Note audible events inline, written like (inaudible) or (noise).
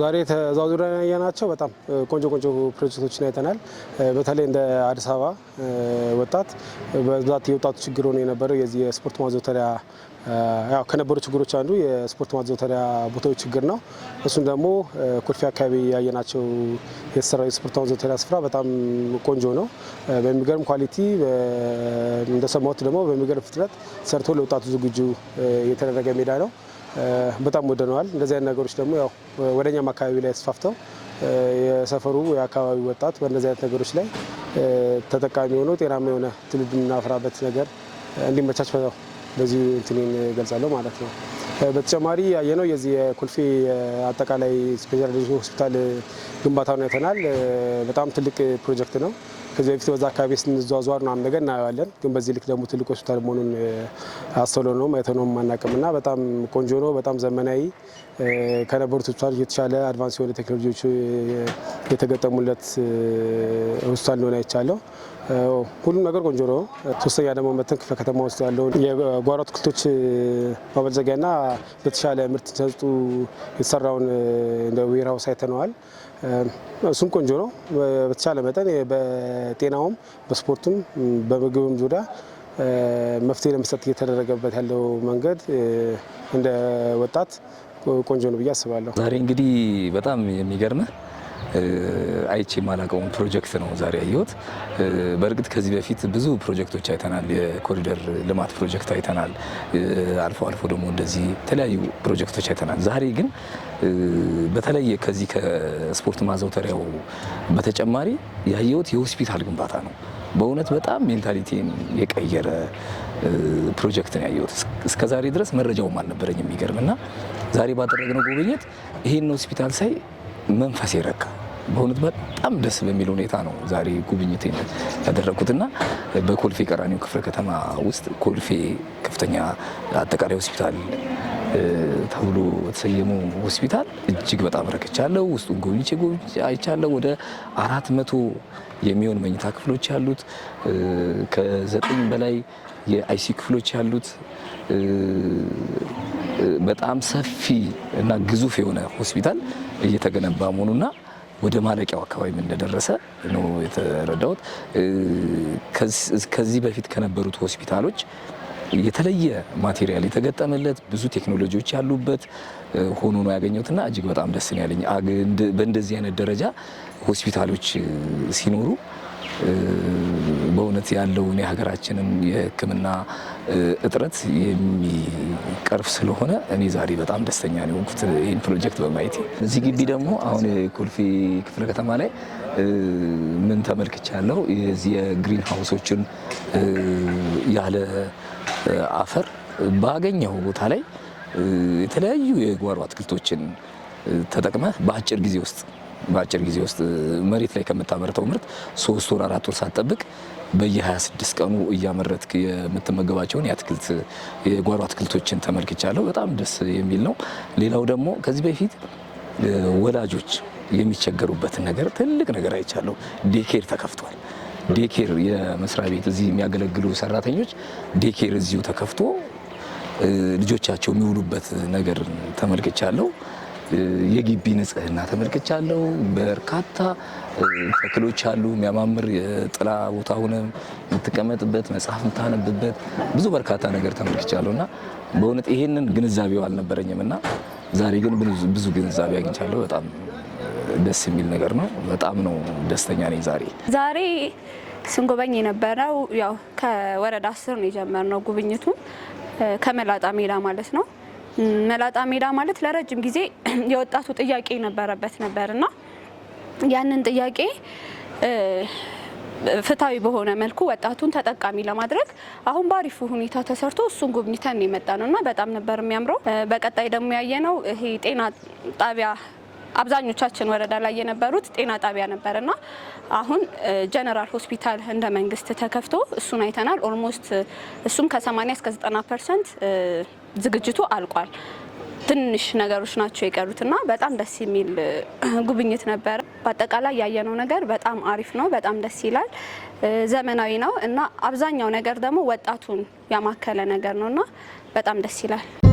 ዛሬ ተዛዙረን ያየናቸው በጣም ቆንጆ ቆንጆ ፕሮጀክቶችን አይተናል። በተለይ እንደ አዲስ አበባ ወጣት በብዛት የወጣቱ ችግር ሆኖ የነበረው የዚህ የስፖርት ማዘውተሪያ ያው ከነበሩ ችግሮች አንዱ የስፖርት ማዘውተሪያ ቦታዎች ችግር ነው። እሱም ደግሞ ኮልፌ አካባቢ ያየናቸው የተሰራ የስፖርት ማዘውተሪያ ስፍራ በጣም ቆንጆ ነው። በሚገርም ኳሊቲ፣ እንደሰማሁት ደግሞ በሚገርም ፍጥነት ሰርቶ ለወጣቱ ዝግጁ የተደረገ ሜዳ ነው። በጣም ወደነዋል። እንደዚህ አይነት ነገሮች ደግሞ ያው ወደኛም አካባቢ ላይ ተስፋፍተው የሰፈሩ የአካባቢው ወጣት በእንደዚህ አይነት ነገሮች ላይ ተጠቃሚ ሆኖ ጤናማ የሆነ ትውልድ የምናፈራበት ነገር እንዲመቻች ነው በዚህ እንትኔን ገልጻለሁ ማለት ነው። በተጨማሪ ያየነው የዚህ የኮልፌ አጠቃላይ ስፔሻላይዜሽን ሆስፒታል ግንባታውን አይተናል። በጣም ትልቅ ፕሮጀክት ነው። ከዚህ በፊት በዛ አካባቢ ስንዘዋዘዋር ነው ነገር እናየዋለን፣ ግን በዚህ ልክ ደግሞ ትልቅ ሆስፒታል መሆኑን አስተውለ ነው ማየተ ነው ማናቅም እና በጣም ቆንጆ ነው። በጣም ዘመናዊ ከነበሩት ሆስፒታል የተሻለ አድቫንስ የሆነ ቴክኖሎጂዎች የተገጠሙለት ሆስፒታል ሊሆን አይቻለሁ። ሁሉም ነገር ቆንጆ ነው። ሶስተኛ ደግሞ መተን ክፍለ ከተማ ውስጥ ያለውን የጓሮ አትክልቶች ማበልጸጊያ ና በተሻለ ምርት ተሰጡ የተሰራውን እንደ ዌራውስ አይተነዋል። እሱም ቆንጆ ነው። በተቻለ መጠን በጤናውም በስፖርቱም በምግብም ዙሪያ መፍትሄ ለመስጠት እየተደረገበት ያለው መንገድ እንደ ወጣት ቆንጆ ነው ብዬ አስባለሁ። ዛሬ እንግዲህ በጣም የሚገርምህ አይቼ የማላውቀውን ፕሮጀክት ነው ዛሬ ያየሁት። በእርግጥ ከዚህ በፊት ብዙ ፕሮጀክቶች አይተናል። የኮሪደር ልማት ፕሮጀክት አይተናል። አልፎ አልፎ ደግሞ እንደዚህ የተለያዩ ፕሮጀክቶች አይተናል። ዛሬ ግን በተለየ ከዚህ ከስፖርት ማዘውተሪያው በተጨማሪ ያየሁት የሆስፒታል ግንባታ ነው። በእውነት በጣም ሜንታሊቲን የቀየረ ፕሮጀክት ነው ያየሁት። እስከ ዛሬ ድረስ መረጃውም አልነበረኝ የሚገርምና ዛሬ ባደረግነው ጉብኝት ይህን ሆስፒታል ሳይ መንፈስ ይረካ በእውነት በጣም ደስ በሚል ሁኔታ ነው ዛሬ ጉብኝት ያደረግኩትና በኮልፌ ቀራኒዮ ክፍለ ከተማ ውስጥ ኮልፌ ከፍተኛ አጠቃላይ ሆስፒታል ተብሎ የተሰየመው ሆስፒታል እጅግ በጣም ረክቻለሁ። ውስጡ ጎብኝቼ አይቻለሁ። ወደ አራት መቶ የሚሆን መኝታ ክፍሎች ያሉት ከዘጠኝ በላይ የአይሲ ክፍሎች ያሉት በጣም ሰፊ እና ግዙፍ የሆነ ሆስፒታል እየተገነባ መሆኑና ወደ ማለቂያው አካባቢ እንደደረሰ ነው የተረዳሁት። ከዚህ በፊት ከነበሩት ሆስፒታሎች የተለየ ማቴሪያል የተገጠመለት ብዙ ቴክኖሎጂዎች ያሉበት ሆኖ ነው ያገኘሁትና እጅግ በጣም ደስ ነው ያለኝ። በእንደዚህ አይነት ደረጃ ሆስፒታሎች ሲኖሩ በእውነት ያለውን የሀገራችንን የሕክምና እጥረት የሚቀርፍ ስለሆነ እኔ ዛሬ በጣም ደስተኛ ነው የሆንኩት ይህን ፕሮጀክት በማየት። እዚህ ግቢ ደግሞ አሁን የኮልፌ ክፍለ ከተማ ላይ ምን ተመልክቻለሁ? የዚህ የግሪን ሀውሶችን ያለ አፈር ባገኘው ቦታ ላይ የተለያዩ የጓሮ አትክልቶችን ተጠቅመህ በአጭር ጊዜ ውስጥ በአጭር ጊዜ ውስጥ መሬት ላይ ከምታመርተው ምርት ሶስት ወር አራት ወር ሳትጠብቅ በየ26 ቀኑ እያመረትክ የምትመገባቸውን የአትክልት የጓሮ አትክልቶችን ተመልክቻለሁ። በጣም ደስ የሚል ነው። ሌላው ደግሞ ከዚህ በፊት ወላጆች የሚቸገሩበትን ነገር ትልቅ ነገር አይቻለሁ። ዴኬር ተከፍቷል። ዴኬር የመስሪያ ቤት እዚህ የሚያገለግሉ ሰራተኞች ዴኬር እዚሁ ተከፍቶ ልጆቻቸው የሚውሉበት ነገር ተመልክቻለሁ። የግቢ ንጽህና ተመልክቻለሁ። በርካታ ተክሎች አሉ። የሚያማምር የጥላ ቦታ ሆነ የምትቀመጥበት መጽሐፍ የምታነብበት ብዙ በርካታ ነገር ተመልክቻለሁ እና በእውነት ይሄንን ግንዛቤው አልነበረኝም እና ዛሬ ግን ብዙ ግንዛቤ አግኝቻለሁ በጣም ደስ የሚል ነገር ነው። በጣም ነው ደስተኛ ነኝ ዛሬ ዛሬ ስንጎበኝ የነበረው ያው ከወረዳ አስር ነው የጀመርነው ጉብኝቱ ከመላጣ ሜዳ ማለት ነው። መላጣ ሜዳ ማለት ለረጅም ጊዜ (clears throat) የወጣቱ ጥያቄ የነበረበት ነበርና ያንን ጥያቄ ፍትሐዊ በሆነ መልኩ ወጣቱን ተጠቃሚ ለማድረግ አሁን በአሪፉ ሁኔታ ተሰርቶ እሱን ጉብኝተን የመጣ ነው እና በጣም ነበር የሚያምረው። በቀጣይ ደግሞ ያየነው ይሄ ጤና ጣቢያ አብዛኞቻችን ወረዳ ላይ የነበሩት ጤና ጣቢያ ነበርና አሁን ጀነራል ሆስፒታል እንደ መንግስት ተከፍቶ እሱን አይተናል። ኦልሞስት እሱም ከ80 እስከ 90 ፐርሰንት ዝግጅቱ አልቋል። ትንሽ ነገሮች ናቸው የቀሩትና በጣም ደስ የሚል ጉብኝት ነበረ። በአጠቃላይ ያየነው ነገር በጣም አሪፍ ነው፣ በጣም ደስ ይላል፣ ዘመናዊ ነው እና አብዛኛው ነገር ደግሞ ወጣቱን ያማከለ ነገር ነው እና በጣም ደስ ይላል።